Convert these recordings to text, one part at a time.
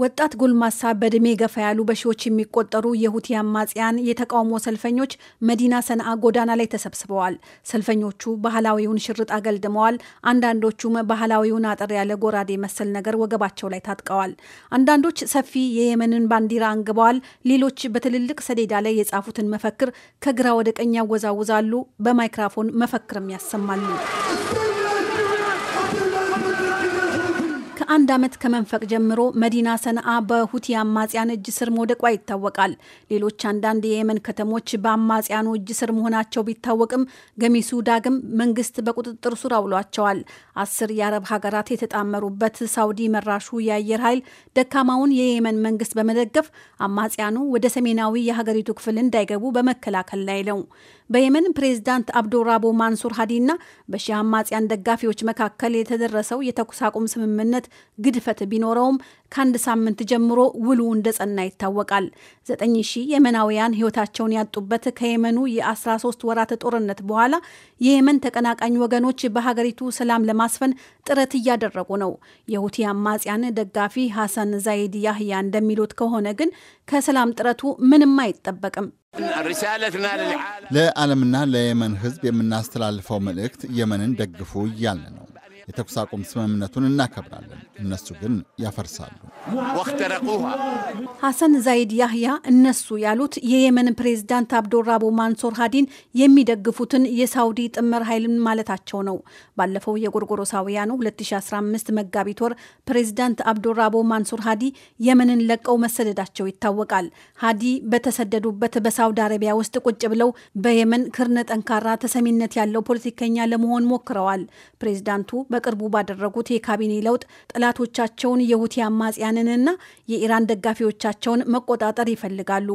ወጣት ጎልማሳ በዕድሜ ገፋ ያሉ በሺዎች የሚቆጠሩ የሁቲ አማጽያን የተቃውሞ ሰልፈኞች መዲና ሰንዓ ጎዳና ላይ ተሰብስበዋል። ሰልፈኞቹ ባህላዊውን ሽርጥ አገልድመዋል። አንዳንዶቹም ባህላዊውን አጠር ያለ ጎራዴ መሰል ነገር ወገባቸው ላይ ታጥቀዋል። አንዳንዶች ሰፊ የየመንን ባንዲራ አንግበዋል። ሌሎች በትልልቅ ሰሌዳ ላይ የጻፉትን መፈክር ከግራ ወደ ቀኝ ያወዛውዛሉ። በማይክራፎን መፈክርም ያሰማሉ። አንድ ዓመት ከመንፈቅ ጀምሮ መዲና ሰነአ በሁቲ አማጽያን እጅ ስር መውደቋ ይታወቃል። ሌሎች አንዳንድ የየመን ከተሞች በአማጽያኑ እጅ ስር መሆናቸው ቢታወቅም ገሚሱ ዳግም መንግስት በቁጥጥር ስር አውሏቸዋል። አስር የአረብ ሀገራት የተጣመሩበት ሳውዲ መራሹ የአየር ኃይል ደካማውን የየመን መንግስት በመደገፍ አማጽያኑ ወደ ሰሜናዊ የሀገሪቱ ክፍል እንዳይገቡ በመከላከል ላይ ነው። በየመን ፕሬዝዳንት አብዶራቦ ማንሱር ሀዲና በሺህ አማጽያን ደጋፊዎች መካከል የተደረሰው የተኩስ አቁም ስምምነት ግድፈት ቢኖረውም ከአንድ ሳምንት ጀምሮ ውሉ እንደጸና ይታወቃል። ዘጠኝ ሺህ የመናውያን ህይወታቸውን ያጡበት ከየመኑ የ13 ወራት ጦርነት በኋላ የየመን ተቀናቃኝ ወገኖች በሀገሪቱ ሰላም ለማስፈን ጥረት እያደረጉ ነው። የሁቲ አማጽያን ደጋፊ ሐሰን ዛይድ ያህያ እንደሚሉት ከሆነ ግን ከሰላም ጥረቱ ምንም አይጠበቅም። ለዓለምና ለየመን ህዝብ የምናስተላልፈው መልእክት የመንን ደግፉ እያልን ነው። የተኩስ አቁም ስምምነቱን እናከብራለን፣ እነሱ ግን ያፈርሳሉ። ሐሰን ዛይድ ያህያ እነሱ ያሉት የየመን ፕሬዝዳንት አብዶራቡ ማንሶር ሀዲን የሚደግፉትን የሳውዲ ጥምር ኃይልን ማለታቸው ነው። ባለፈው የጎርጎሮሳውያኑ 2015 መጋቢት ወር ፕሬዝዳንት አብዶራቡ ማንሱር ሀዲ የመንን ለቀው መሰደዳቸው ይታወቃል። ሃዲ በተሰደዱበት በሳውዲ አረቢያ ውስጥ ቁጭ ብለው በየመን ክርነ ጠንካራ ተሰሚነት ያለው ፖለቲከኛ ለመሆን ሞክረዋል። ፕሬዝዳንቱ በቅርቡ ባደረጉት የካቢኔ ለውጥ ጠላቶቻቸውን የሁቲ አማጽያንንና የኢራን ደጋፊዎቻቸውን መቆጣጠር ይፈልጋሉ።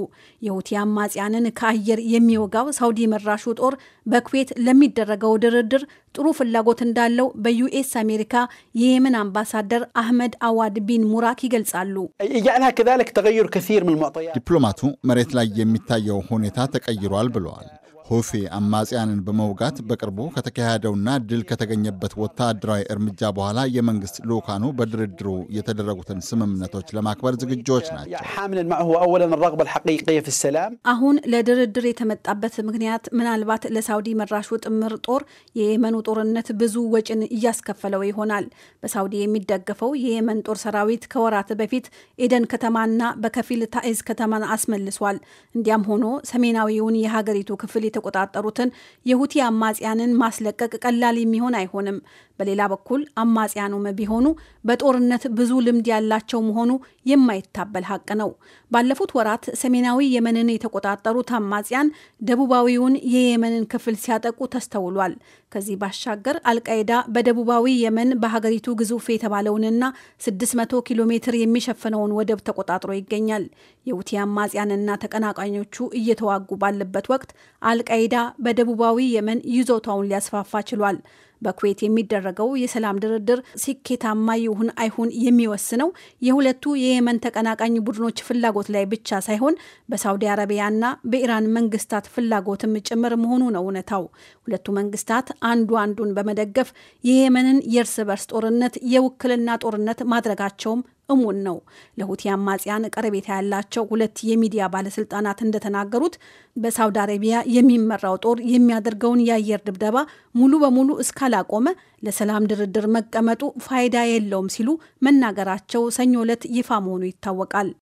የሁቲ አማጽያንን ከአየር የሚወጋው ሳውዲ መራሹ ጦር በኩዌት ለሚደረገው ድርድር ጥሩ ፍላጎት እንዳለው በዩኤስ አሜሪካ የየመን አምባሳደር አህመድ አዋድ ቢን ሙራክ ይገልጻሉ። ዲፕሎማቱ መሬት ላይ የሚታየው ሁኔታ ተቀይሯል ብለዋል። ሆፌ አማጽያንን በመውጋት በቅርቡ ከተካሄደውና ድል ከተገኘበት ወታደራዊ እርምጃ በኋላ የመንግስት ልኡካኑ በድርድሩ የተደረጉትን ስምምነቶች ለማክበር ዝግጆች ናቸው። አሁን ለድርድር የተመጣበት ምክንያት ምናልባት ለሳውዲ መራሹ ጥምር ጦር የየመኑ ጦርነት ብዙ ወጪን እያስከፈለው ይሆናል። በሳውዲ የሚደገፈው የየመን ጦር ሰራዊት ከወራት በፊት ኤደን ከተማና በከፊል ታኢዝ ከተማን አስመልሷል። እንዲያም ሆኖ ሰሜናዊውን የሀገሪቱ ክፍል የተቆጣጠሩትን የሁቲ አማጽያንን ማስለቀቅ ቀላል የሚሆን አይሆንም። በሌላ በኩል አማጽያኑም ቢሆኑ በጦርነት ብዙ ልምድ ያላቸው መሆኑ የማይታበል ሀቅ ነው። ባለፉት ወራት ሰሜናዊ የመንን የተቆጣጠሩት አማጽያን ደቡባዊውን የየመንን ክፍል ሲያጠቁ ተስተውሏል። ከዚህ ባሻገር አልቃይዳ በደቡባዊ የመን በሀገሪቱ ግዙፍ የተባለውንና 600 ኪሎ ሜትር የሚሸፍነውን ወደብ ተቆጣጥሮ ይገኛል። የውቲ አማጽያንና ተቀናቃኞቹ እየተዋጉ ባለበት ወቅት አል አልቃይዳ በደቡባዊ የመን ይዞታውን ሊያስፋፋ ችሏል። በኩዌት የሚደረገው የሰላም ድርድር ስኬታማ ይሁን አይሁን የሚወስነው የሁለቱ የየመን ተቀናቃኝ ቡድኖች ፍላጎት ላይ ብቻ ሳይሆን በሳውዲ አረቢያና በኢራን መንግስታት ፍላጎትም ጭምር መሆኑ ነው እውነታው። ሁለቱ መንግስታት አንዱ አንዱን በመደገፍ የየመንን የእርስ በርስ ጦርነት የውክልና ጦርነት ማድረጋቸውም እሙን ነው። ለሁቲ አማጽያን ቀረቤታ ያላቸው ሁለት የሚዲያ ባለስልጣናት እንደተናገሩት በሳውዲ አረቢያ የሚመራው ጦር የሚያደርገውን የአየር ድብደባ ሙሉ በሙሉ እስካላቆመ ለሰላም ድርድር መቀመጡ ፋይዳ የለውም ሲሉ መናገራቸው ሰኞ ዕለት ይፋ መሆኑ ይታወቃል።